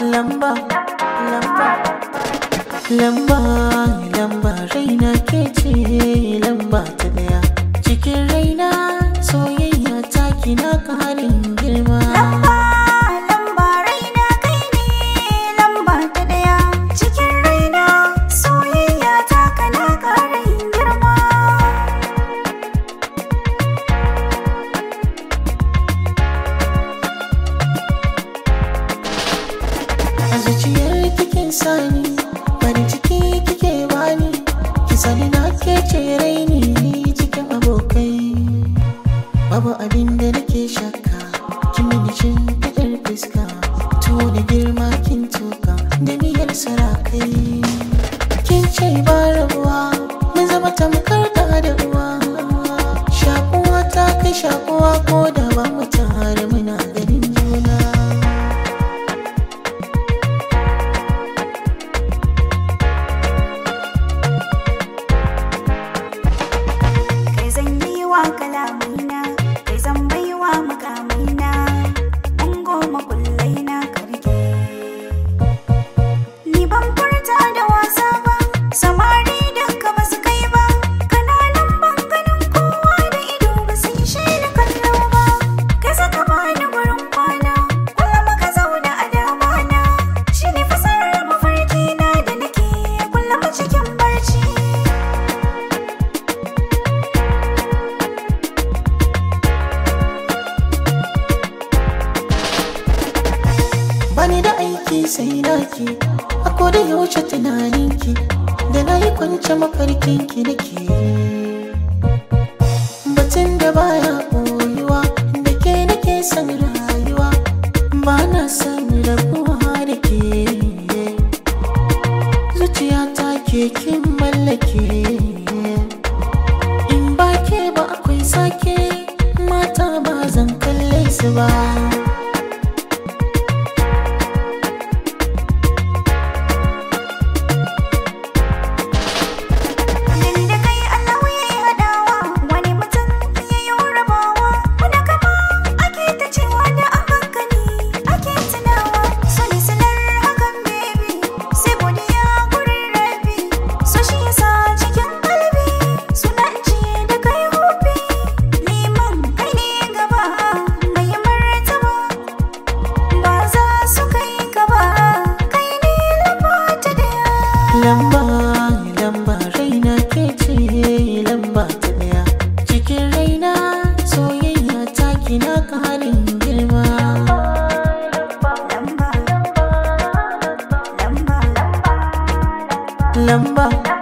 lamba lamba lamba lamba raina ke ce lamba sani bari ciki kike bani ki sani na ke cerai ni cikin abokai babu abin da nake shakka kimi ni cin fitar fuska tuwo da girma kin ki sai ki a koda yaushe tunaninki da na yi kwance mafarkinki ke. batun da baya koyuwa da ke na ke san rayuwa ba na san rabuwa da ke ta ke kin mallake in ba ke ba akwai sake mata ba zan kalle su ba lamba